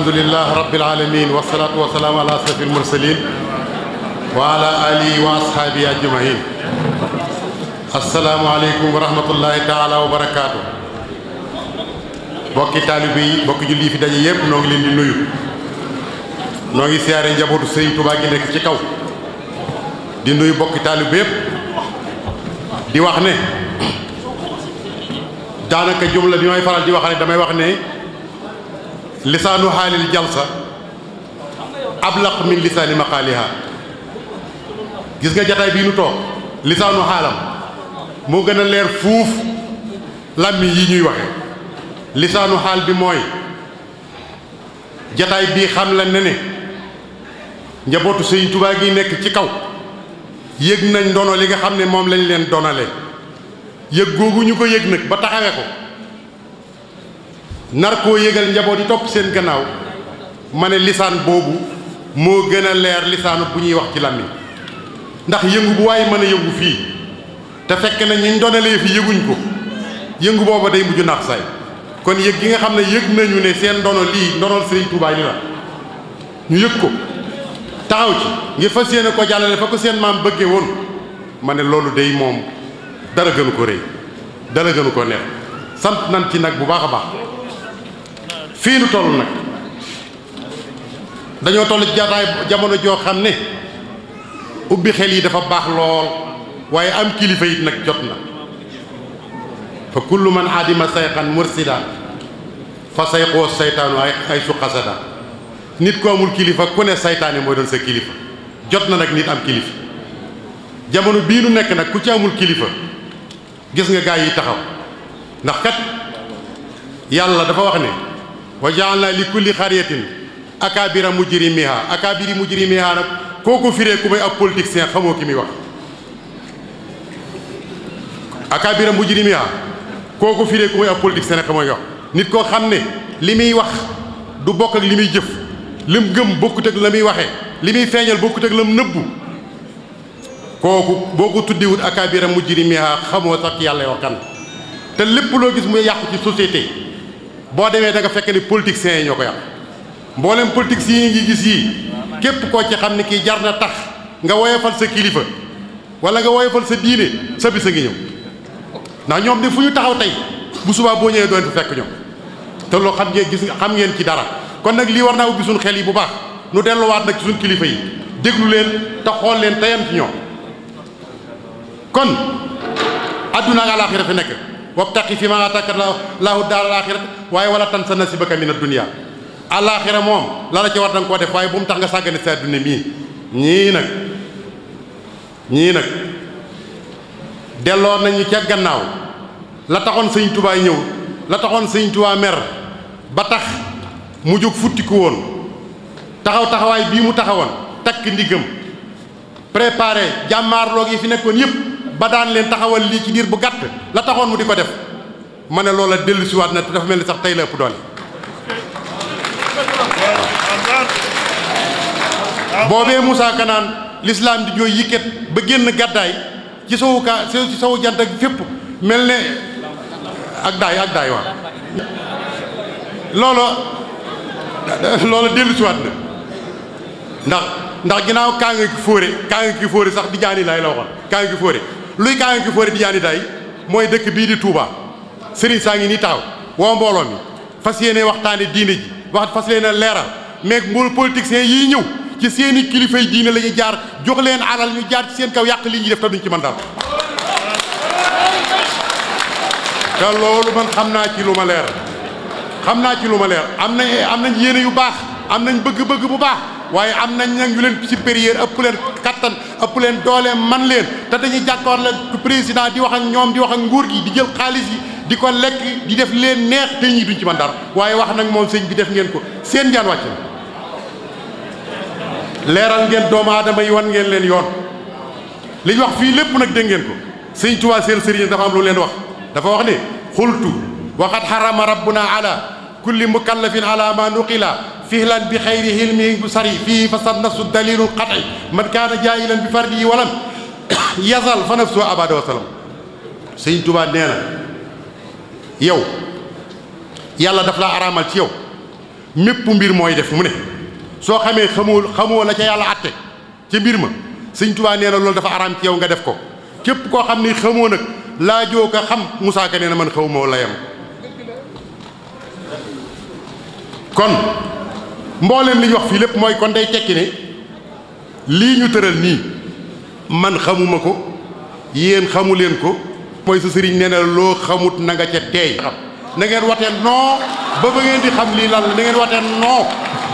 الحمد لله رب العالمين والصلاة والسلام على أسرف المرسلين وعلى آله وأصحابه أجمعين السلام عليكم ورحمة الله تعالى وبركاته بوكي طالبي بوكي جولي في داجي ييب نوغي لين دي نويو نوغي سياري جابوتو سيرن توبا كي نيك سي كاو دي نويو بوكي طالب ييب دي واخني دانكا جمله بي ماي فارال دي واخني داماي واخني lisaanu xaalil jalsa ablaq min lisaani maqaaliha gis nga jataay bii nu toog lisaanu xaalam moo gën a leer fuuf làmmi yi ñuy waxe lisaanu xaal bi mooy jataay bii xam la ne ne njabootu sëñ Tuubaa gi nekk ci kaw yëg nañ ndono li nga xam ne moom lañ leen donale yëg googu ñu ko yëg nag ba taxawe ko nar koo yégal njaboot yi topp seen gannaaw ma ne lisaan boobu moo gën a leer lisaanu bu ñuy wax ci làmmiñ ndax yëngu bu waaye mën a yëngu fii te fekk na ñu donalee fi yëguñ ko yëngu booba day mujj naax saay kon yëg gi nga xam ne yëg nañu ne seen ndono lii ndonol Sëriñ Tuubaa li la ñu yëg ko taxaw ci ngir fas yéene ko jàllale fa ko seen maam bëggee woon ma ne loolu day moom dara gënu ko rëy dara gënu ko neex sant nañ ci nag bu baax a baax fiñu tollu nak dañu tollu toll jamono jo xamne ubbi xel yi dafa bax lol waye am kilifa yi nak jotna fa kullu man adima sayqan mursida fa sayqoo saytaanu ay ay su xasada nit ko amul kilifa ku ne saytaane moy don sa kilifa jotna nak nit am kilifa jamono bi nu nek nak ku ci amul kilifa gis nga gaay yi taxaw ndax kat yàlla dafa wax ne wa ja'alna li kulli xariyatin akaabira mujrimiha akaabiri mujrimiha nag koo ko firee ku may ab politicien xamoo ki muy wax akaabira mujrimiha koo ko firee ku may ab politicien xamoo nit koo xam ne li muy wax du bokk ak li muy jëf lim gëm bokkute ak la muy waxee li muy feeñal bokkut ak la mu nëbbu kooku boo ko tuddiwut akaabira mujrimiha xamoo sax yàlla yoo kan te lépp loo gis mu yàqu ci société bo demee da nga fekk ni politiciens yi ñoo ko yàq mboolem politiciens yi ngi gis yi képp ko ci xamni ki kii jar na tax nga woyofal sa kilifa wala nga woyofal sa diine sa bis a ngi ñëw ndax ñoom de fu ñu taxaw tay bu suba bo ñëwee doon fekk ñom te lo xam ngeen gis xam ngeen ci dara kon nak li warna naa ubbi xel yi bu baax nu delluwaat nag ci sun kilifa yi déglu leen ta xol leen tayam ci ñom kon aduna ala alaaxira fi nekk wabtaqi fi ma ataka lahu al-akhirah way wala tan sa nasibaka min ad-dunya al-akhirah mom la la ci war dang ko def way bu mu tax nga sagane sa adduna mi ñi nak ñi nak delo nañu ci gannaaw la taxone seigne touba ñew la taxone seigne touba mer ba tax mu futti futtiku won taxaw taxaway bi mu tak ndigam préparer jamar lo gi fi nekkoon yépp ba daan leen taxawal lii ci diir bu gàtt la taxoon mu di ko def ma ne loola dellu siwaat na te dafa mel ni sax tey la ëpp doole boobee Moussa Kanaan lislaam di jooy yikket ba génn gàddaay ci sowu ka ci sowu jant ak fépp mel ne ak daay ak daay waa loolo loola dellu siwaat na ndax ndax ginnaaw kaa ngi ki fóore kaa nga ki fóore sax di jaani laay la waxoon kaa nga fóore luy gaañu ki fóori Tijaani mooy dëkk bii di Touba Serigne saa ngi nii taxaw woo mbooloo mi fas yéene waxtaane diine ji wax fas yéene leeral mais mboolu politiciens yiy ñëw ci seeni i kilifay diine la jaar jox leen alal ñu jaar ci seen kaw yàq li ñuy def te ci mën dara te loolu man xam naa ci lu ma leer xam naa ci lu ma leer am nañ am nañ yéene yu baax am nañ bëgg-bëgg bu baax waye am nañ nag ñu leen supérieur ëpp leen katan ëpp leen doole man leen ta dañu jàkkoor la président di wax ak ñom di wax ak nguur gi di jël xaaliss yi di ko lek di def leen neex te ñi duñ ci man dara waye wax nak mom señ bi def ngeen ko seen jaan wàcc leeral ngeen doomu adamay wan ngeen leen yoon liñ wax fi lepp nak de ngeen ko señ Tuubaa seen sëriñ dafa am lu leen wax dafa wax ne xultu waxat harama rabbuna ala كل مكلف على ما نقل فهلا بخير هلمه بصري فيه فصد نفس الدليل القطعي من كان جاهلا بفرده ولم يظل فنفسه أبدا وسلم سيد توبا نينا يو يلا دفلا أرامل تيو ميبو مبير موي دف مني سو خمي خمو خمو لا يلا أتي تي مبير ما سيد توبا نينا لول دفا أرام تيو نغا كيب كو خمني خمو نك لا جوك خم موسى كان من خمو لا يم kon mbooleem li ñu wax fii lépp mooy kon dey tekki ne lii ñu tëral nii man xamuma ko yéen xamu leen ko mooy sa sëriñ nee na loo xamut na nga ca teey na ngeen watee non ba ba ngeen di xam lii lan la na ngeen watee non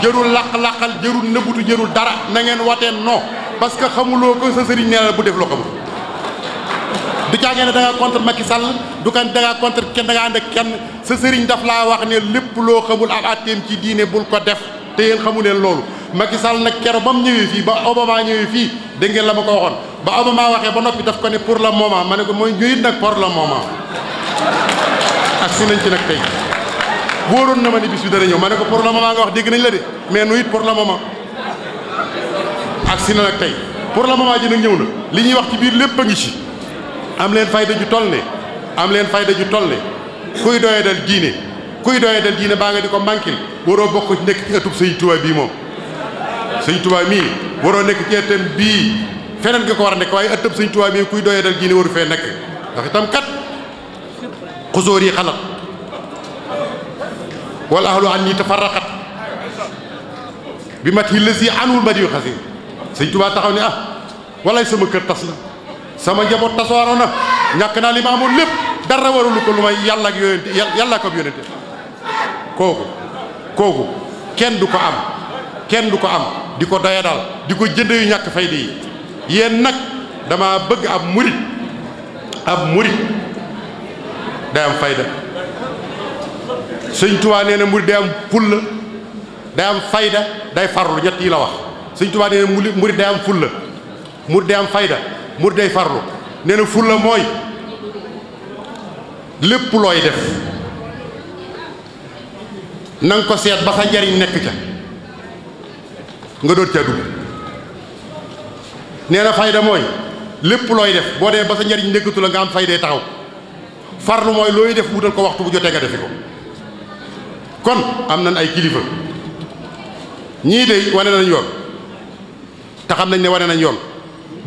jërul laq-laqal jërul nëbbutu jërul dara na ngeen watee non parce que xamuloo ko sa sëriñ nee na bu def loo xamut du caagee ne da ngaa contre Macky Sall du kan da ngaa contre kenn da ngaa kenn sa sëriñ daf laa wax ne lépp loo xamul ab atteem ci diine bul ko def te yéen xamu leen loolu makki Sall na kero ba mu ñëwee fii ba Obama ñëwee fii dégg ngeen la ma ko waxoon ba Obama waxee ba noppi daf ko ne pour la moment ma ne ko mooy ñëwit nag pour la moment ak si nañ ci nag tey na ma ni bis bi dana ma ne ko pour le moment nga wax dégg la de mais nu it pour le moment si na nag tey pour le moment ji nag ñëw na li ñuy wax ci biir lépp a ngi ci am leen fayda ju tol ne am leen fayda ju tol ne kuy doyee dal diine kuy doyee dal diine baa nga di ko manquil waroo bokk ci nekk ci ëttub sëñ Tuubaa bii moom sëñ Tuubaa mii waroo nekk ci ëttam bii feneen nga ko war nekk waaye ëttub sëñ Tuubaa mii kuy doyee dal diine waru fee nekk ndax itam kat xusóor yi xalat wal ahlu an ñi tafarraqat bi mat yi lës yi anwul ma diyu xasin sëñ Tuubaa taxaw ne ah walay sama kër tas la sama njaboot tasaaroo na ñàkk naa li ma amoon lépp dara waralu ko lu may yàlla ak yonente yàlla ak yonente kooku kooku kenn du ko am kenn du ko am di ko doya daal di ko jënd yu ñàkk fayda yi yéen nag dama bëgg ab murit ab murit day am fayda sëñ Tuubaa nee na murit day am fayda day farlu ñett yi la wax sëñ Tuubaa nee na murit day am fulla murit day am fayda mu day farlu nee na fulla mooy lépp looy def na ko seet ba sa njariñ nekk ca nga doon ca dugg nee na fayda mooy lépp looy def boo dee ba sa njariñ nekkatu la nga am fayda taxaw farlu mooy looy def wutal ko waxtu bu jotee nga defi ko kon am nañ ay kilifa ñii de wane nañ yoon te xam nañ ne wane nañ yoon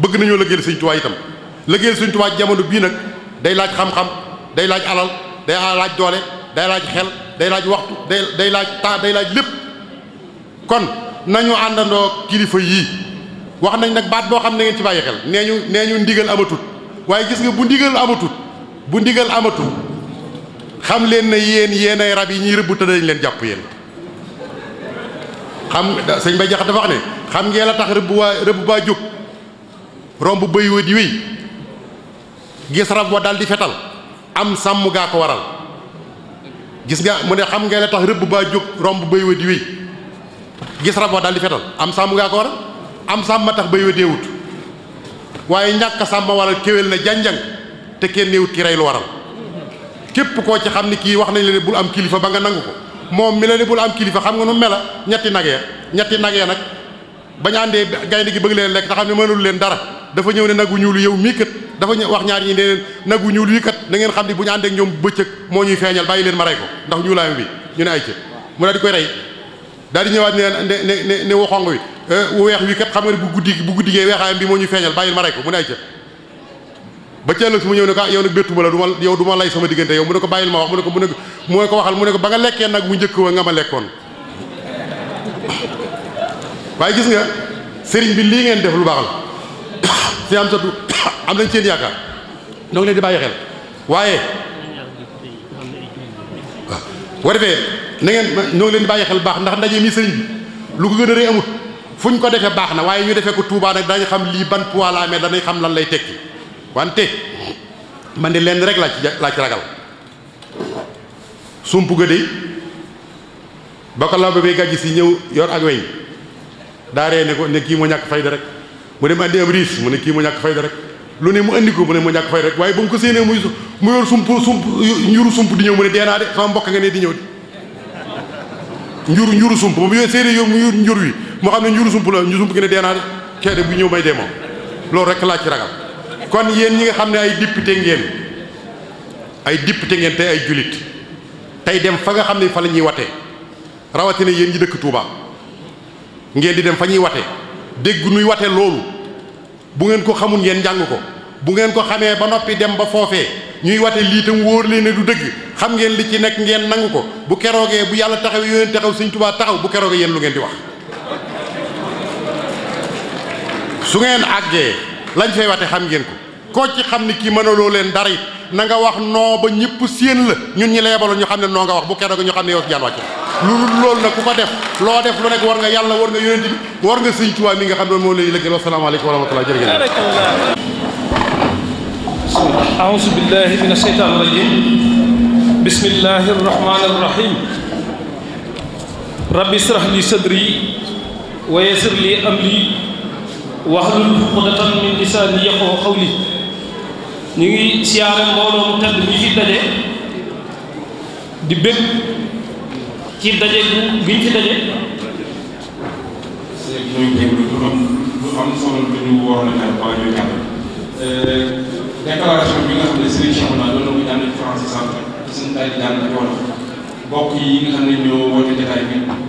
bëgg nañoo lëggéeyal Sëñ Tuubaa itam lëggéeyal Sëñ Tuubaa jamono bii nag day laaj xam-xam day laaj alal day laaj doole day laaj xel day laaj waxtu day day laaj taa day laaj lépp kon nañu àndandoo kilifa yii wax nañ nag baat boo xam ne ngeen ci bàyyi xel nee ñu nee ñu ndigal amatut waaye gis nga bu ndigal amatut bu ndigal amatut xam leen ne yéen yéen ay rab yi ñuy rëbb te dañ leen jàpp yéen xam sëñ ba Jaxate dafa wax ne xam ngeen la tax rëbb baa jóg Rombu bëy wët wi gis rab dal di fetal am sàmm ga ko waral gis nga mune xam nga la tax rebb ba juk rombu wi gis rab dal di fetal am sàmm ga ko waral am ma tax bëy wët wut waaye sam sàmm waral kewel na janjang te kenn néewut ki ray lu waral kep ko ci xam ni wax nañ le bul am kilifa ba nga nangu ko mi la le bul am kilifa xam nga nu mela ñetti nagge anak, ya. ñetti nagge nak ya nag bañ àndee gaynde gi bëgg leen lek leen dara dafa ñew ne nagu ñuul yow mi kat dafa wax ñaar ñi neen nagu ñuul yi kat da ngeen xam ne bu ñu ànd ak ñoom bëccëg mo ñuy feñal bayi leen ma ray ko ndax ñuulaayam bi ñu ne ay ci mu dal di koy ray dal di ñewat neen ne ne ne ne xong wi eh, wex wi kat xam nga ne bu guddi bu wex weexaayam bi mo ñuy feeñal bàyyil ma ray ko mu ne ay ci ba ci ëllëg mu ñew ne ka ah, yow nak bettu ma la duma yow duma lay sama diggante yow mu ne ko bayil ma wax mu ne ko mu ne mu ne ko waxal mu ne ko ba nga lekke nak mu njëkk wa nga ma lekkon waaye gis nga serigne bi li ngeen def lu baax la si am satu am nañ seen yaakaar ñoo ngi leen di bàyyi xel waaye wa defee na ngeen ñoo leen di bàyyi xel baax ndax ndaje mi sëriñ bi lu ko gën a rëy amut fu ñu ko defee baax na waaye ñu defee ko Touba nag xam lii ban poids la amee danañ xam lan lay tekki wante man de lenn rek laa ci laa ci ragal sump ga dey ba ko law ba bay gàjji si ñëw yor ak weñ daa ree ne ko ne kii moo ñàkk fayda rek mu dem andi am riis mu ne kii mu ñàkk fayda rek lu ne mu andi ko mu ne mu ñàkk fayda rek waaye ba mu ko séenee muy mu yor sump sump njuru sump di ñëw mu ne deenaa de sama mbokk nga ne di ñëw di njuru njuru sump ba mu yor séenee yor mu yor njur wi moo xam ne njuru sump la njuru sump gi ne deenaa de kee de bu ñëw may dee loolu rek laa ci ragal kon yéen ñi nga xam ne ay député ngeen ay député ngeen tey ay julit tey dem fa nga xam ne fa la ñuy watee rawatina yéen ñi dëkk Touba ngeen di dem fa ñuy watee dégg nuy wate loolu bu ngeen ko xamul ngeen jàng ko bu ngeen ko xamee ba noppi dem ba foofee ñuy wate lii tam wóor leen ne du dëgg xam ngeen li ci nekk ngeen nangu ko bu keroogee bu yàlla taxaw yoneen taxaw Sëñ Tuubaa taxaw bu keroogee yéen lu ngeen di wax su ngeen àggee lañ fay wate xam ngeen ko koo ci xam ni kii mënaloo leen dara it na nga wax noo ba ñëpp séen la ñun ñi la ñu xam ne noo nga wax bu keroogee ñu xam ne yow si jaan wàcc lu dul loolu nag ku ko def loo def lu nekk war nga yàlla war nga yonent bi war nga sëñ Tuubaa mi nga xam ne moo lay lëkkal wasalaamaaleykum wa rahmatulah jërëjëf. أعوذ بالله من الشيطان الرجيم بسم الله الرحمن الرحيم ربي اشرح لي صدري ويسر لي أمري واحلل عقدة من لساني يفقهوا قولي ñu ngi siyaare mbooloo mu tedd mi fi daje di bëgg ci daje gu giñ ci daje. sëñ solo lu ñu waroon a ñaan waa ñooy ñaan euh, déclaration bi nga xam ne Serigne Cheikh Ouna loolu la ko jànn ci français sànq ci suñu daal di jànn ci wolof mbokk yi nga xam ne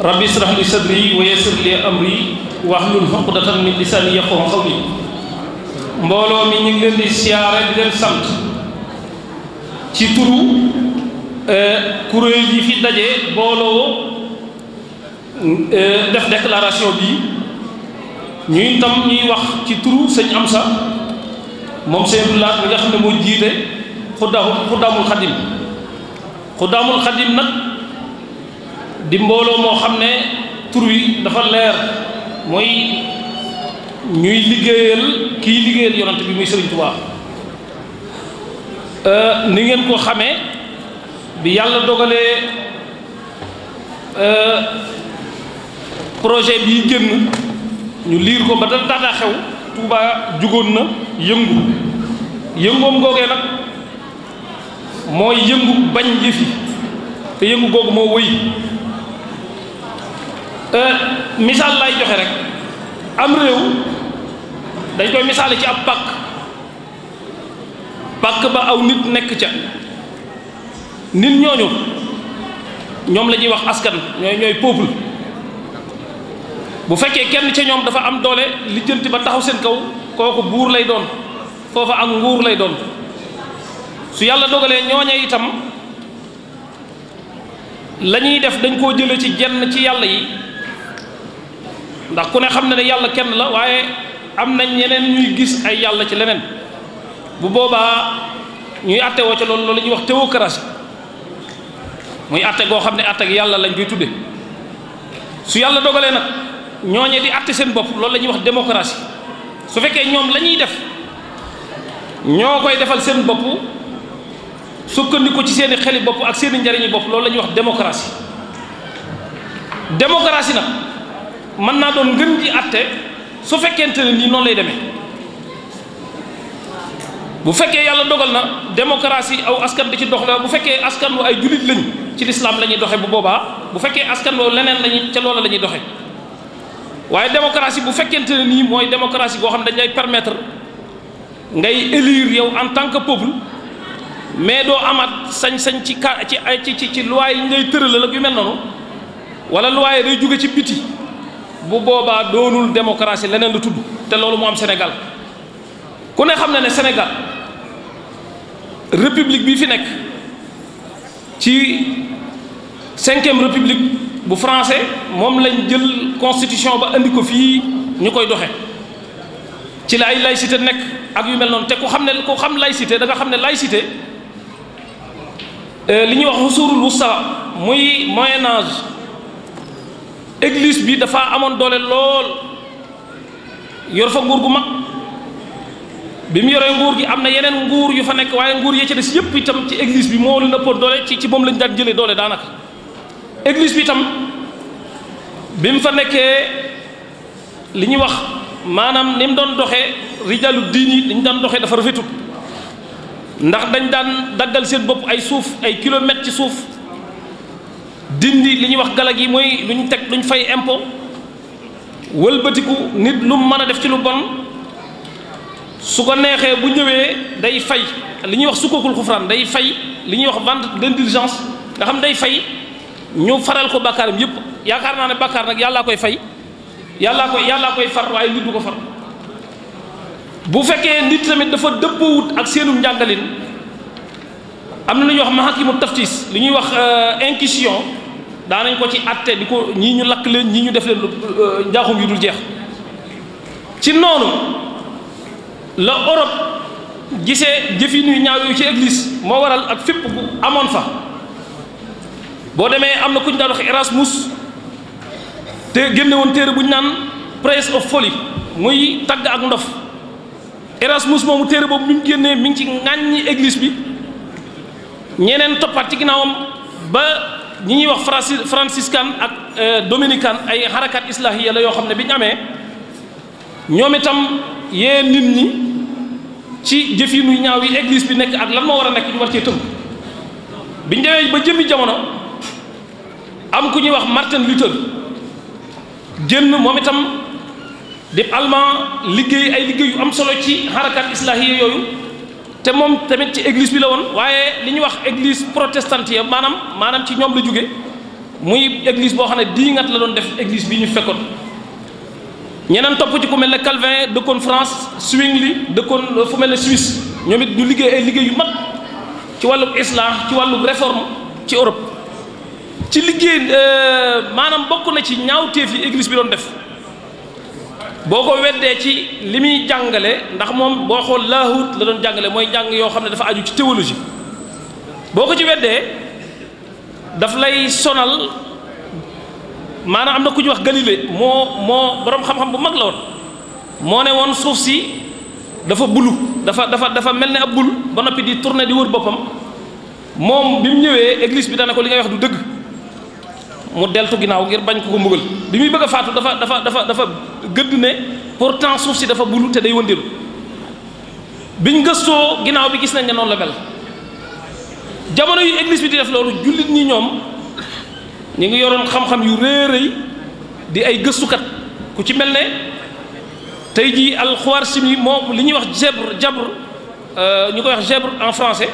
rabbi israh li sadri wa yassir li amri wahlul uqdatan min lisani yafqahu qawli mbooloo mi ñu ngi leen di siyaare di leen sant ci turu e, kuréel yi fi daje booloo e, def déclaration bi ñuy tam ñuy wax ci turu sëñ Amsa moom sëñ Abdoulaye mi nga xam ne moo jiite xuddaamul xuddaamul xadim xuddaamul xadim nag di mbooloo moo xam ne tur wi dafa leer mooy ñuy liggéeyal kiy liggéeyal yonent bi muy Sëriñ Tuubaa euh, ni ngeen ko xamee bi yàlla dogalee euh, projet bii génn ñu liir ko ba da daataa xew Tuubaa jugoon na yëngu yëngoom googee nag mooy yëngu bañ jëfi te yëngu googu moo wëy Euh, misaal lay joxe rek am réew dañ koy misaale ci ab pàkk pàkk ba aw nit nekk ca nit ñooñu ñoom la ñuy wax askan ñooy ñooy peuple bu fekkee kenn ca ñoom dafa am doole lijjanti ba taxaw seen kaw kooku buur lay doon foofa ak nguur lay doon su yàlla dogalee ñooña itam la ñuy def dañ koo jële ci jenn ci yàlla yi ndax ku ne xam na ne yàlla kenn la waaye am na ñeneen ñuy gis ay yàlla ci leneen bu boobaa ñuy àtte woo ca loolu loolu la ñuy wax théocratie muy àtte goo xam ne àtte yàlla lañ koy tudde su yàlla dogalee nag ñooñe di àtte seen bopp loolu la ñuy wax démocratie su fekkee ñoom lañuy def ñoo koy defal seen bopp sukkandiku ci seeni xeli bopp ak seeni njariñi bopp loolu la ñuy wax démocratie démocratie nag mën naa doon ngën ji àtte su fekkente ne nii noonu lay demee bu fekkee yàlla dogal na démocratie aw askan di ci dox la bu fekkee askan wu ay jullit lañ ci lislaam la ñuy doxe bu boobaa bu fekkee askan leneen lañuy ca loola la ñuy doxe waaye démocratie bu fekkente ne nii mooy démocratie boo xam ne dañ lay permettre ngay élire yow en tant que peuple mais doo amaat sañ-sañ ci ci ci ci loi yi ngay tëralal ak yu mel noonu wala loi yi day jóge ci biti bu boobaa doonul démocratie leneen lu tudd te loolu mu am Sénégal ku ne xam na ne Sénégal république bi fi nekk ci cinquième république bu français moom lañ jël constitution ba indi ko fii ñu koy doxe ci la ay laïcité nekk ak yu mel noonu te ku xam ne ku xam laïcité da nga xam ne laïcité euh, li ñuy wax usuurul wusta muy moyen âge église bi dafa amoon doole lool yor fa nguur gu mag bi mu yoree nguur gi am na yeneen nguur yu fa nekk waaye nguur yee ci des yëpp itam ci église bi moo leen ëppoon doole ci ci moom lañ daan jëlee doole daanaka église bi itam bi mu fa nekkee li ñuy wax maanaam ni mu doon doxee rijalu diin yi dañ daan doxee dafa rafetut ndax dañ daan daggal seen bopp ay suuf ay kilomètres ci suuf dindi li ñuy wax galag yi mooy lu ñu teg lu ñu fay impôt wëlbatiku nit lu mu mën a def ci lu bon su ko neexee bu ñëwee day fay li ñuy wax sukkakul xufraan day fay li ñuy wax vente d'indulgence nga xam day fay ñu faral ko bàkkaaram yépp yaakaar naa ne bàkkaar nag yàllaa koy fay yàllaa koy yàllaa koy far waaye nit du ko far bu fekkee nit tamit dafa dëppoowut ak seenum njàngalin am na lu ñuy wax mahakimu taftis li ñuy wax euh, inquisition daanañ ko ci atte di ko ñii ñu lakk leen ñii ñu def leen euh, njaaxum yu dul jeex ci noonu la Europe gisee jëf jëfinu ñaaw yu ci église moo waral ak fépp bu amoon fa boo demee am na ku ñu daan wax Erasmus te génne woon téere bu ñu naan Praise of Folly muy tagg ak ndof Erasmus moomu téere boobu bi mu génnee mi ngi ci ŋàññi église bi ñeneen toppaat ci ginnaawam ba. ñi ñuy wax francis franciscan ak euh, dominican ay xarakat islahiya la yoo xam ne bi amee ñoom itam yee nit ñi ci jëf yi nuy ñaaw yi église bi nekk ak lan moo war a nekk ñu war cee tënk biñ ñu demee ba jëmmi jamono am ku ñuy wax Martin Luther génn moom itam di allemand liggéey ay liggéey yu am solo ci xarakat islahiya yooyu te moom tamit ci église bi la woon waaye li ñuy wax église protestante ya maanaam maanaam ci ñoom la jóge muy église boo xam ne ngat la doon def église bi ñu fekkoon ñeneen topp ci ku mel ne Calvin dëkkoon France Zwingli dëkkoon euh, fu mel ne Suisse ñoom it ñu liggéey ay liggéey yu mag ci wàllub islam ci wàllub réforme ci Europe ci liggéey euh, maanaam bokk na ci ñaawteef yi église bi doon def boo ko weddee ci li muy jàngale ndax moom boo xool laahut la doon jàngale mooy jàng yoo xam ne dafa aju ci théologie boo ko ci weddee daf lay sonal maanaam am na ku ñuy wax Galilée moo moo boroom xam-xam bu mag la woon moo ne woon suuf si dafa bulu dafa dafa dafa mel ne ab bul ba noppi di tourner di wër boppam moom bi mu ñëwee église bi dana ko li ngay wax du dëgg mu deltu ginaaw ngir bañ ko ko mbugal bi mi bëgg faatu dafa dafa dafa dafa gëdd ne pourtant suuf ci dafa bulu te day wëndilu biñ gëstoo ginaaw bi gis nañ ne noonu la mel jamono yu église bi di def loolu jullit ñi ñoom ñi ngi yoroon xam-xam yu rëy rëy di ay gëstukat ku ci mel ne tey jii alxuwaar simi moom li ñuy wax jebre jabre euh, ñu koy wax jebre en français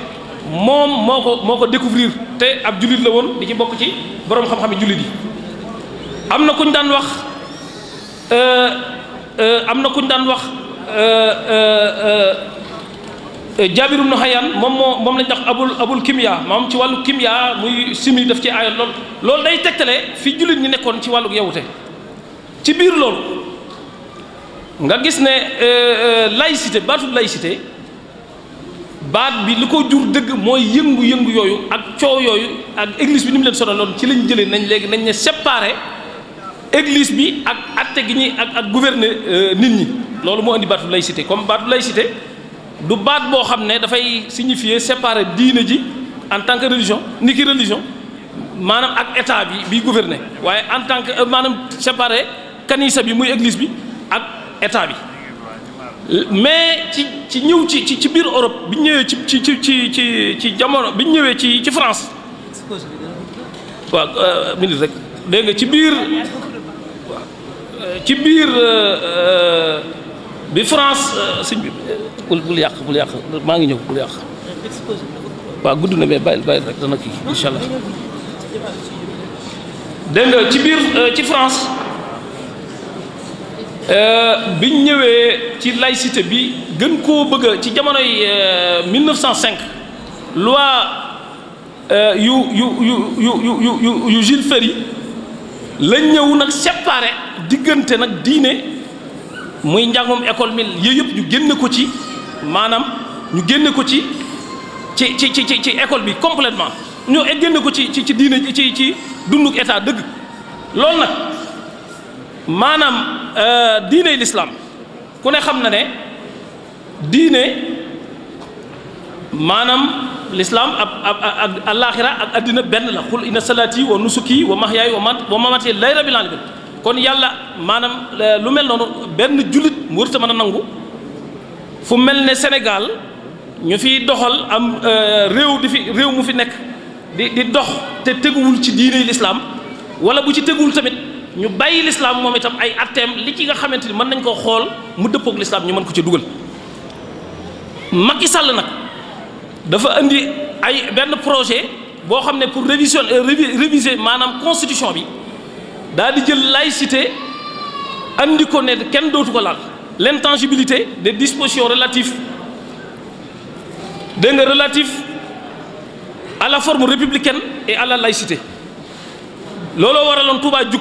mom moko moko découvrir té ab julit la won di ci bok ci borom xam-xam julit yi amna kuñ dan wax euh euh amna kuñ dan wax euh euh jabir ibn Hayyan mom mom lañ tax abul abul kimya mom ci walu kimya muy simi daf ci ay lool loolu day tegtale fi julit ñi nekkon ci walu yewute ci bir loolu nga gis ne laïcité baatub laïcité baat bi li ko jur dëgg mooy yëngu-yëngu yooyu ak coow yooyu ak église bi ni mu leen sonaloon ci lañ jëlee nañ léegi nañ ne séparé église bi ak atte gi ñuy ak ak gouverner euh, nit ñi loolu moo indi baatu laïcité comme baatu laïcité du baat boo xam ne dafay signifier séparé diine ji en tant que religion ni ki religion maanaam ak état bi bi gouverner waaye en tant que euh, maanaam séparé kanisa bi muy église bi ak état bi mais ci ci ñëw ci ci ci biir Europe bi ñu ñëwee ci ci ci ci ci jamono bi ñëwee ci ci France waaw euh, minute rek dégg ci biir ci biir euh, euh, bi France sëñ bi bul bul yàq bul yàq maa ngi ñëw bul yàq waaw gudd na mais bàyyil bàyyil rek dana kii incha allah dégg ci biir ci France Euh, biñ ñëwee ci laïcité bi gën koo bëgg ci jamonoy 1905 euh, loi euh, yu yu yu yu yu yu yu Jules lañ ñëw nag séparé diggante nag diine muy njàngum école mi yooyu yëpp ñu génn ko ci maanaam ñu génn ko ci ci ci ci ci école bi complètement ñoo génn ko ci ci ci diine ci ci dunduk état dëgg loolu nag. maanaam euh, diine lislaam ku ne xam na ne diine maanaam lislaam ab ab ak àllaaxira ak àddina benn la xul inna salaati wa nusuki wa mahyaay wa mat wa mamati lay rabbil alamin kon yàlla maanaam euh, lu mel noonu benn jullit mu wërta mën a nangu fu mel ne Sénégal ñu fi doxal am euh, réew di fi réew mu fi nekk di dox te teguwul ci diine lislaam wala bu ci teguwul tamit ñu bàyyi l'islam mom itam ay atteem li ci nga xamanteni mën nañ ko xol mu deppok l'islam ñu mën ko ci duggal Macky Sall nak dafa andi ay benn projet bo xamné pour révision euh, réviser manam constitution bi daal di jël laïcité andi ko né ken dootu ko laal l'intangibilité des dispositions relatives dégg relatives à la forme républicaine et à la laïcité lolo waralon Touba jug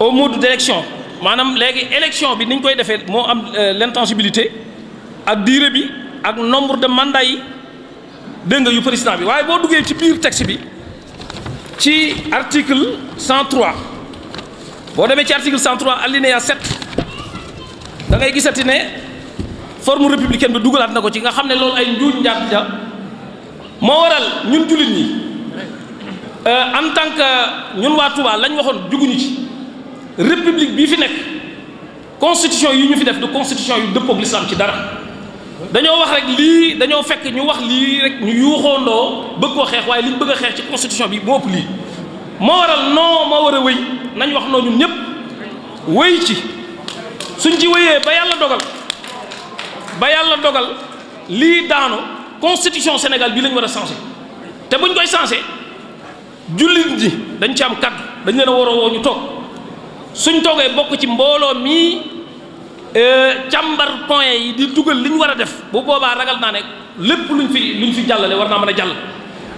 au mode d'élection maintenant l'élection élection bi ni ñu koy am euh, l'intangibilité durée bi nombre de mandats yi yu président bi waaye boo duggee ci biir texte bi ci article 103 boo demee ci article 103 alinéa 7 da ngay gisati ne forme républicaine bi la vous savez ci nga xam ne loolu ay njuuñ nous ja moo waral ñun ñi euh, en tant que ñun waa Touba lañ waxoon juguñu ci république bi fi constitution yi ñu fi def constitution yu nous l'islam ci dara nous wax rek que nous fekk ñu wax nous rek ñu que bëgg bëgg ci constitution bi nous ëpp Moral non mo wara wëy nañ wax nous ñun ñëpp wëy ci suñ ci wëyé ba yalla dogal ba yalla dogal constitution Sénégal bi lañ wara avons changé buñ koy changé jullit ñi dañ ci am dañ ñu suñ toogee bokk ci mbooloo mii euh, càmbar point yi di dugal li ñu war a def bu boobaa ragal naa ne lépp luñ fi luñ fi jàllale war naa mën a jàll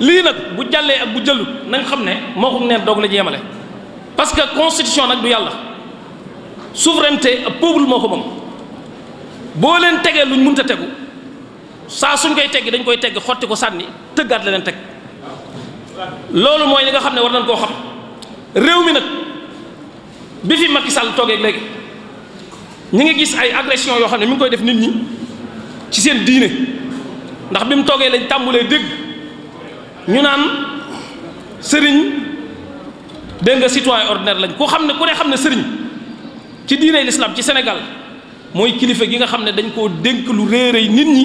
lii nag bu jàllee ak bu jëllut na xam ne moo ko neen doog la ñu yemale parce que constitution nag du yàlla souveraineté ak peuple moo ko moom boo leen tegee luñ mënta tegu saa suñ koy teggi dañ koy tegg xotti ko sànni tëggaat la leen teg loolu mooy li nga xam ne war nañ koo xam réew mi nag bi fi Macky Sall toogee léegi ñu ngi gis ay agression yoo xam ne mi ngi koy def nit ñi ci seen diine ndax bi mu toogee lañ tàmbulee dégg ñu naan sëriñ dégg nga citoyen ordinaire lañ ku xam ne ku ne xam ne sëriñ ci diine l'islam ci Sénégal mooy kilifa gi nga xam ne dañ koo dénk lu réeréy nit ñi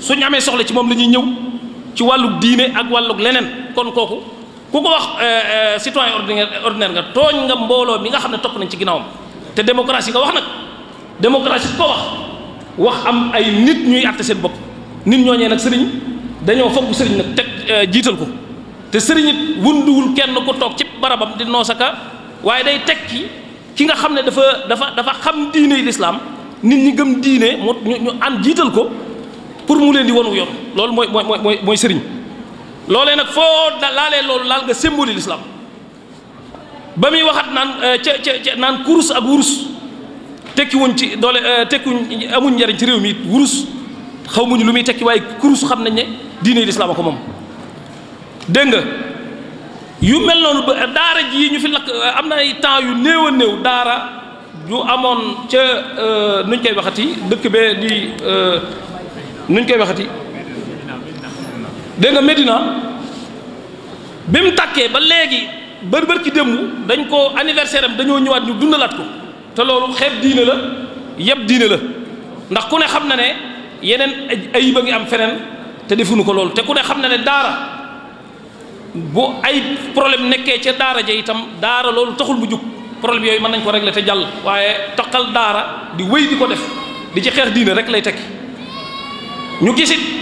suñu amee soxla ci moom lañuy ñëw ci wàllug diine ak wàllug leneen kon kooku ku ko wax euh, euh, citoyen ordinaire ordinaire nga tooñ nga mbooloo bi nga xam ne topp nañ ci ginnaawam te démocratie nga wax nag démocratie ko wax wax am ay nit ñuy àtte seen bopp nit ñooñee nag sëriñ dañoo fonk sëriñ nag teg euh, jiital ko te sëriñ it wunduwul kenn ku toog ci barabam di noosaka waaye day tekki ki nga xam ne dafa dafa dafa xam diine lislaam nit ñi gëm diine mu ñu ñu jiital ko pour mu leen di won wu yoon loolu mooy mooy mooy sëriñ. loolee nag foo laalee loolu laal nga symbole l'islam ba muy waxat naan euh, ca ca ca naan kurus ak wurus tekkiwuñ ci doole euh, tekkiwuñ amuñ njariñ ci réew mi it wurus xaw muñu lu muy tekki waaye kurus xam nañ ne diine lislaam ko moom dégg nga yu mel noonu ba daara ji ñu fi lakk euh, am na ay temps yu néewa a néew daara ju amoon ca nuñ koy waxati dëkk bee di nuñ koy waxati dégg nga Medina bi mu takkee ba léegi bër bër ci démb dañ ko anniversaire am dañoo ñëwaat ñu dundalaat ko te loolu xeeb diine la yëpp diine la ndax ku ne xam na ne yeneen ayib a ngi am feneen te defuñu ko loolu te ku ne xam na ne daara bu ay problème nekkee ci daara ja itam daara loolu taxul bu jug problème yooyu mën nañ ko régler te jàll waaye toqal daara di wéy di ko def di ci xeex diine rek lay tekki ñu gisit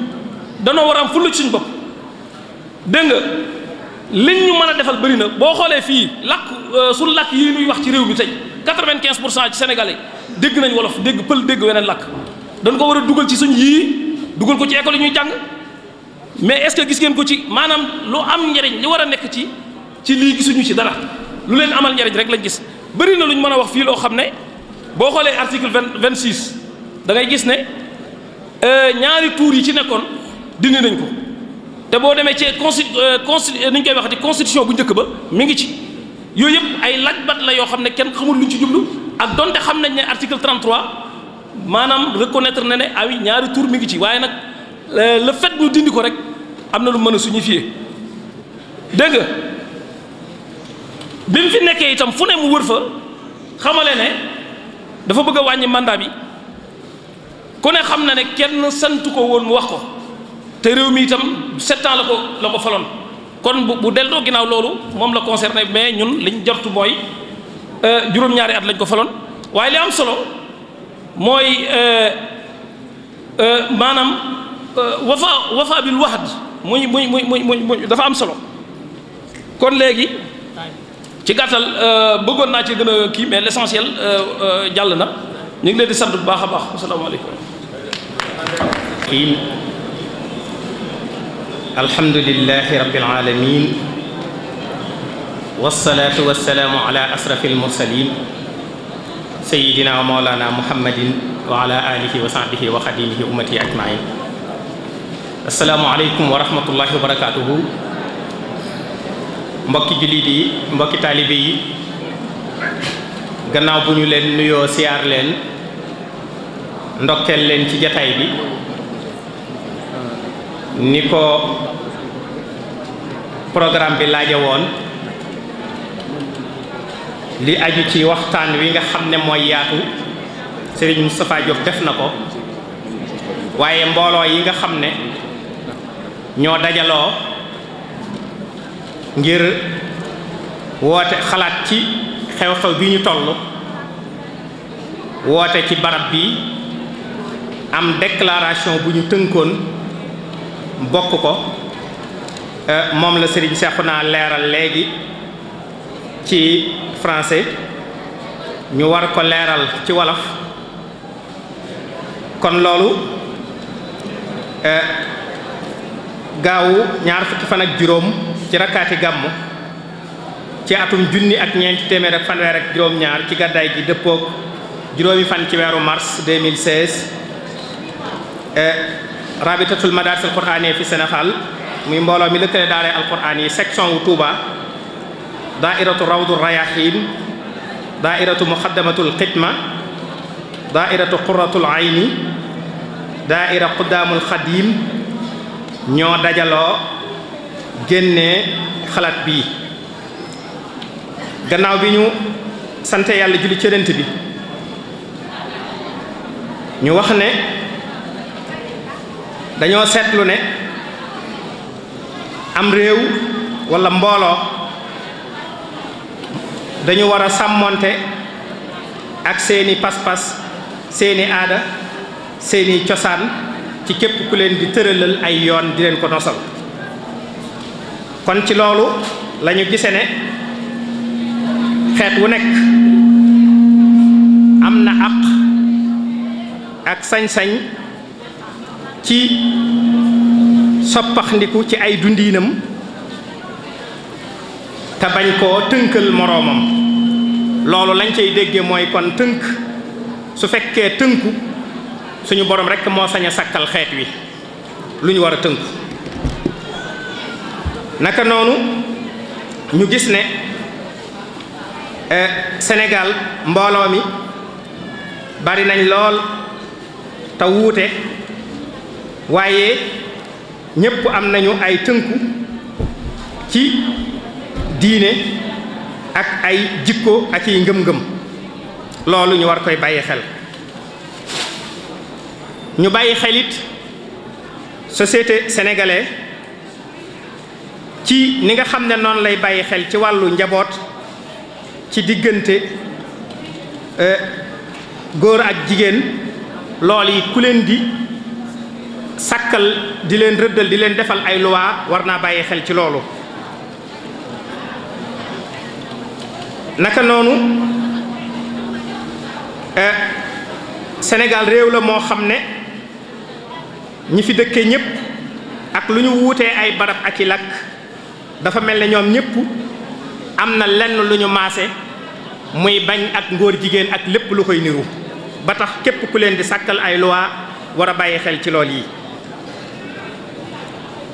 danoo war a am fulla ci bopp dégg nga liñ ñu mën a defal bëri na boo xoolee fii làkk euh, su làkk yi ñuy wax ci réew mi tey quatre-vingt-quinze pour cent ci sénégalais dégg nañ wolof dégg pël dégg weneen làkk dañ ko war a dugal ci suñ yii dugal ko ci école yi ñuy jàng mais est-ce que gis ngeen ko ci maanaam lu am njariñ li war a nekk ci ci lii gisuñu ci dara lu leen amal njariñ rek lañ gis bëri na lu ñu mën a wax fii loo xam ne boo xoolee article vingt vingt six da ngay gis ne euh, ñaari tuur yi ci nekkoon dindi nañ ko te boo demee ci consti euh, consti euh, ni ñu koy waxati constitution bu njëkk ba mu ngi ci yooyu yëpp ay laaj bat la yoo xam ne kenn xamul lu ci jublu ak donte xam nañ ne article 33 maanaam reconnaître na ne ay ah ñaari tour mu ngi ci waaye nag le fait ñu dindi ko rek am na lu mën a signifier dégg nga bi mu fi nekkee itam fu ne mu wër fa xamale ne dafa bëgg a wàññi mandat bi ku ne xam na ne kenn santu ko woon mu wax ko te réew mi itam sept ans la ko la ko faloon kon bu bu delloo ginnaaw loolu moom la concerné mais ñun liñ jortu mooy euh, juróom-ñaari at lañ ko faloon waaye li am solo mooy euh, euh, maanaam wafa wafa bil wahd muy muy muy muy muy dafa am solo kon léegi ci gàttal bëggoon naa ci gën a kii mais l'essentiel jàll na ñu ngi leen di sant bu baax a baax asalaamaaleykum الحمد لله رب العالمين والصلاة والسلام على أسرف المرسلين سيدنا ومولانا محمد وعلى آله وصحبه وخديمه أمتي أجمعين السلام عليكم ورحمة الله وبركاته مبكي جليدي مبكي mbokki taalibe بنيو لين نيو سيار لين nuyoo siyaar leen ci bi ni ko programme bi laaje woon li aju ci waxtaan wi nga xam ne mooy yaatu sëriñ Moustapha def na ko waaye mbooloo yi nga xam ne ñoo dajaloo ngir woote xalaat ci xew-xew bi ñu toll woote ci barab bi am déclaration bu ñu tënkoon bokk ko euh, moom la Serigne naa leeral léegi ci français ñu war ko leeral ci wolof kon loolu euh, gaawu ñaar fukki fan ak juróom ci rakkaati gàmmu ci atum junni ak ñeenti téeméer ak fanweer ak juróom-ñaar ci gàddaay gi dëppook juróomi fan ci weeru mars 2016 rabitatul madaris al qur'aniya fi Sénégal muy mbooloo mi lëkkale daaree alquran yi section wu Touba daairatu rawdu rayahin daairatu muqaddamatul xidma daairatu quratul ayni daaira quddaamul xadim ñoo dajaloo génnee xalaat bii gannaaw bi ñu sante yàlla julli cërënt bi ñu wax ne dañoo seetlu ne am réew walla mbooloo dañu war a sàmmonte ak seeni pas-pas seeni aada seeni cosaan ci képp ku leen di tëralal ay yoon di leen ko nosal kon ci loolu lañu gise ne xeet wu nekk am na àq ak sañ-sañ ci soppaxndiku ci ay dundiinam te bañ koo tënkal moroomam loolu lañ cay dégge mooy kon tënk su fekkee tënku suñu borom rekk moo sañ a sakkal xeet wi lu ñu war a tënku naka noonu ñu gis ne e, senegal mbooloo mi bari nañ lool te wuute waaye ñépp am nañu ay tënku ci diine ak ay jikko ak yi ngëm-ngëm loolu ñu war koy bàyyi xel ñu bàyyi xelit société sénégalaise ci ni nga xam ne noonu lay bàyyi xel ci wàllu njaboot ci diggante euh, góor ak jigéen loolu it ku leen di sàkkal di leen rëddal di leen defal ay luwaa war naa bàyyi xel ci loolu naka noonu eh, Sénégal réew la moo xam ne ñi fi dëkkee ñépp ak lu ñu wuutee ay barab ak i làkk dafa mel ne ñoom ñëpp am na lenn lu ñu maase muy bañ ak ngóor jigéen ak lépp lu koy niru ba tax képp ku leen di sàkkal ay luwaa war a bàyyi xel ci lool yi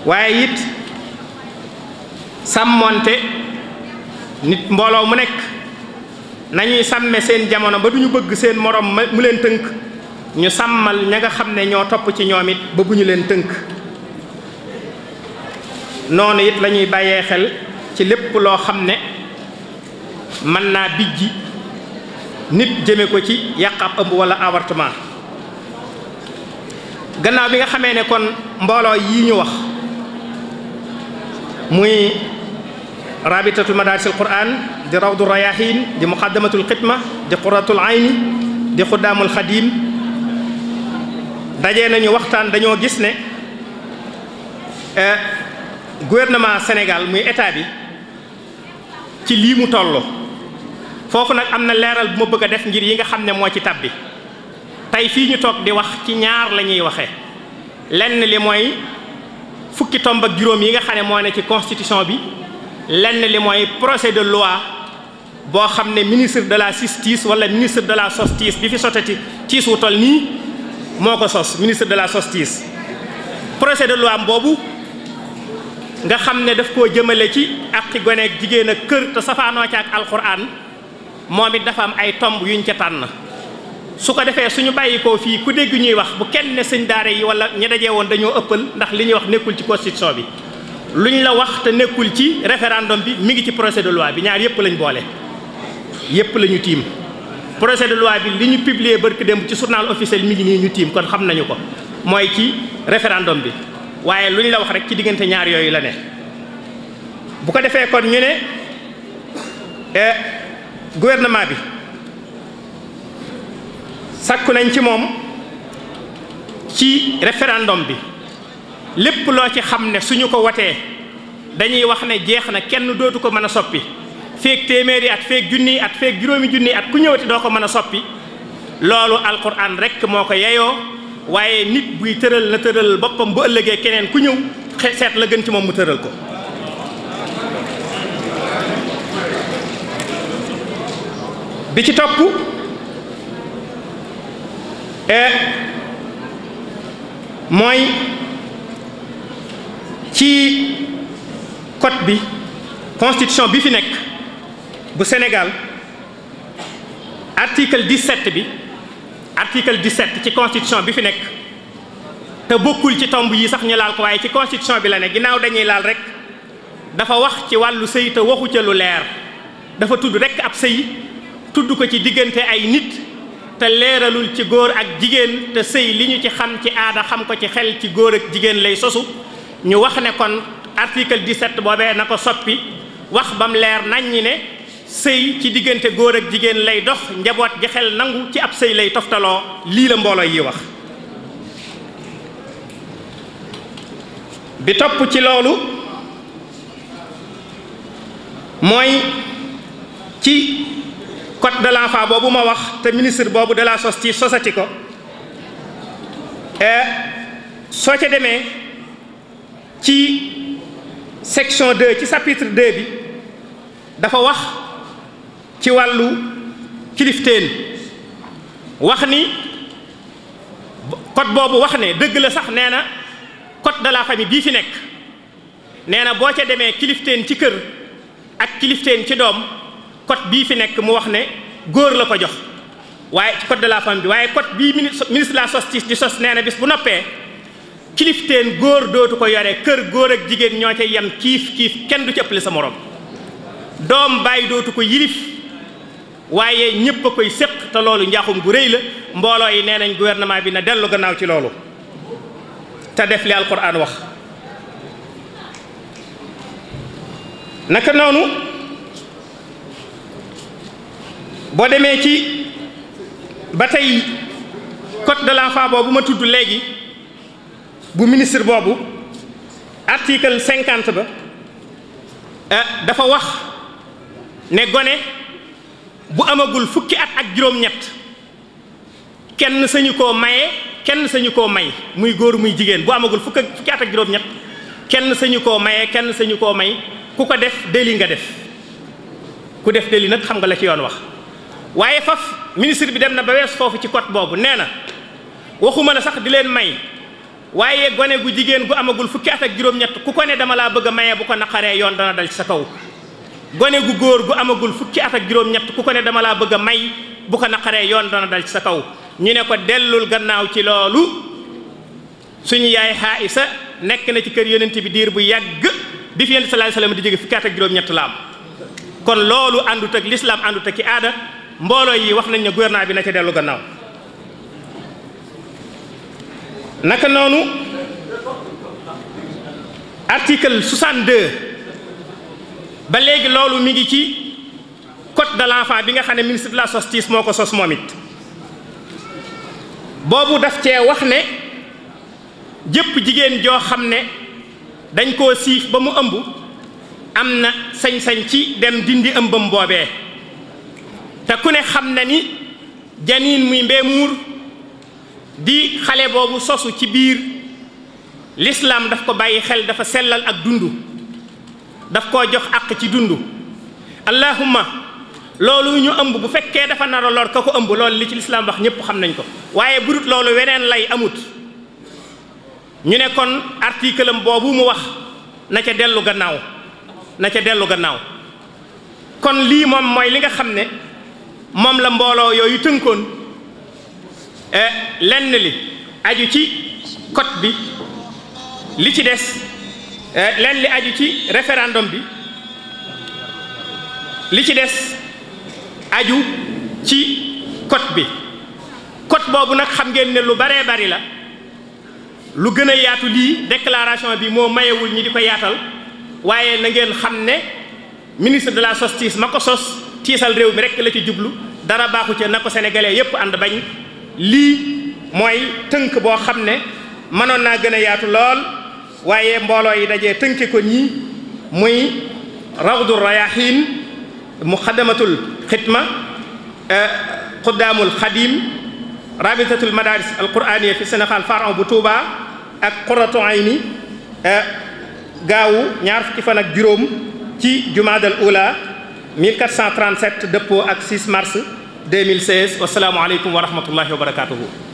waaye it sàmmoonte nit mbooloo mu nekk nañuy sàmme seen jamono ba duñu bëgg seen morom mu leen tënk ñu sàmmal ña nga xam ne ñoo topp ci ñoom it ba bu ñu leen tënk noonu it lañuy bàyyee xel ci lépp loo xam ne mën naa bijji nit jëme ko ci yàq ëmb wala avortement gannaaw bi nga xamee ne kon mbooloo yi ñu wax muy rabitatul madarisil quran di rawdu rayahin di muqaddamatul xidma di quratul ayni di xuddaamul xadim dajee nañu waxtaan dañoo gis ne e, gouvernement Sénégal muy état bi ci lii mu toll foofu nag am na leeral bu ma bëgg a def ngir yi nga xam ne moo ci tab bi tey fii ñu toog di wax ci ñaar la ñuy waxee lenn li mooy fukki tomb ak juróom yi nga xam mo moo ne ci constitution bi lenn li moy procès de loi bo xam ministre de la justice wala ministre de la justice bi fi sotati ci su toll nii sos ministre de la justice Procès de loi am boobu nga xam daf ko jëmele ci ak gone ak jigéen ak kër te safaanoo ci ak alcorane momit dafa am ay tomb yuñ ca tànn su ko defee suñu bàyyikoo fii ku dégg ñuy wax bu kenn ne sëñ daara yi wala ñi dajee woon dañoo ëppal ndax li ñuy wax nekkul ci constitution bi lu luñ la wax te nekkul ci référendum bi mi ngi ci projet de loi bi ñaar yëpp lañ boole yëpp la ñu tiim projet de loi bi li ñu publier barki démb ci journal officiel mi ngi nii ñu tiim kon xam nañu ko mooy ci référendum bi waaye ñu la wax rek ci diggante ñaar yooyu la ne bu ko defee kon ñu ne eh, gouvernement bi sàkku nañ ci moom ci référendum bi lépp loo ci xam ne suñu ko watee dañuy wax ne jeex na kenn dootu ko mën a soppi feeg téeméeri at feeg junniy at feeg juróomi junniy at ku ñëwati doo ko mën a soppi loolu alquran rek moo ko yeyoo waaye nit buy tëral na tëral boppam bu ëllëgee keneen ku ñëw seet la gën ci moom mu tëral ko bi ci topp Eh, mooy ci code bi constitution bi fi nekk bu Sénégal article 17 bi article 17 ci constitution bi fi nekk te bokkul ci tomb yi sax ñu laal ko waaye ci constitution bi la ne ginnaaw dañuy laal rek dafa wax ci wàllu sëy te waxu ca leer dafa tudd rek ab sëy tudd ko ci diggante ay nit te leeralul ci góor ak jigéen te sëy li ñu ci xam ci aada xam ko ci xel ci góor ak jigéen lay sosu ñu wax ne kon article 17 boobee na ko soppi wax bam leer nañ ñi ne sëy ci diggante góor ak jigéen lay dox njaboot gi xel nangu ci ab sëy lay toftaloo lii la mbooloo yi wax bi topp ci loolu mooy ci code de l'enfant boobu ma wax te ministre boobu de la sos ci sosati ko eh, soo ci demee ci section 2 ci chapitre de bi dafa wax ci wàllu kilifteen wax ni code boobu wax ne dëgg la sax nee na code de la famille bii fi nekk nee na boo ca demee kilifteen ci kër ak kilifteen ci doom code bii fi nekk mu wax ne góor la ko jox waaye ci de la femme bi waaye code bii ministre de la justice di sos nee na bis bu noppee kilifteen góor dootu ko yore kër góor ak jigéen ñoo ca yem kiif kiif kenn du ci ëppale sa morom doom bàyyi dootu ko yilif waaye ñëpp a koy séq te loolu njaaxum gu rëy la mbooloo yi nee nañ gouvernement bi na dellu gannaaw ci loolu te def li alquran wax naka noonu boo demee ci ba tey code de l'enfant boobu ma tudd léegi bu ministre boobu article cinquante ba eh, dafa wax ne gone bu amagul fukki at ak juróom-ñett kenn sañu koo maye kenn sañu koo may muy góor muy jigéen bu amagul fukk fukki at ak juróom-ñett kenn sañu koo maye kenn sañu koo may ku ko def déli nga def ku def déli nag xam nga la ci yoon wax waaye faf ministre bi dem na ba wees foofu ci code boobu nee na waxuma la sax di leen may waaye gone gu jigéen gu amagul fukki at ak juróom-ñett ku ko ne dama laa bëgg a bu ko naqaree yoon dana dal sa kaw gone gu góor gu amagul fukki at ak juróom ne dama laa bëgg may bu ko naqaree yoon dana dal ci sa kaw ñu ne ko dellul gannaaw ci loolu suñu yaay Aïssa nekk na ci kër yonent bi diir bu yàgg bi fi yonent sa alayhi wasallam di jóge fukki at ak juróom-ñett la kon loolu àndut ak lislaam àndut ak ki aada mbooloo yi wax nañ ne gouvernement bi na ca dellu gannaaw naka noonu article 62 ba léegi loolu mi ngi ci code de l'enfant bi nga xam ne ministre de la justice moo ko sos moom it boobu daf cee wax ne jëpp jigéen joo xam ne dañ ko siif ba mu ëmb am na sañ-sañ ci dem dindi ëmbam boobee te ku ne xam na ni janiin muy mbee muur di xale boobu sosu ci biir lislaam daf ko bàyyi xel dafa sellal ak dund daf koo jox àq ci dund allahumma loolu ñu ëmb bu fekkee dafa nar a lor ka ko ëmb loolu li ci lislaam wax ñépp xam nañ ko waaye burut loolu weneen lay amut ñu ne kon article am boobu mu wax na ca dellu gannaaw na ca dellu gannaaw kon lii moom mooy li nga xam ne moom la mbooloo yooyu tënkoon eh, lenn li aju ci cot bi li ci des eh, lenn li aju ci référendum bi li ci des aju ci code bi code boobu nag xam ngeen ne lu baree bari la lu gën a yaatu lii declaration bi moo mayewul ñi di ko yaatal waaye na ngeen xam ne ministre de la justice ma ko sos tiisal rew mi rek la ci jublu dara baxu ci nako sénégalais yépp ànd bañ li moy teunk bo xamné manon na gëna yaatu lool waye mbolo yi dajé teunké ko ñi muy rawdur rayahin muqaddamatul khitma qudamul khadim rabitatul madaris al fi sénégal faran bu Touba ak qurratu ayni gaawu ñaar fukki fan ak juróom ci jumaadal ula 1437 dëppoo ak 6 mars 2016 wasalaamualeykum wa rahmatullahi wa barakatuhu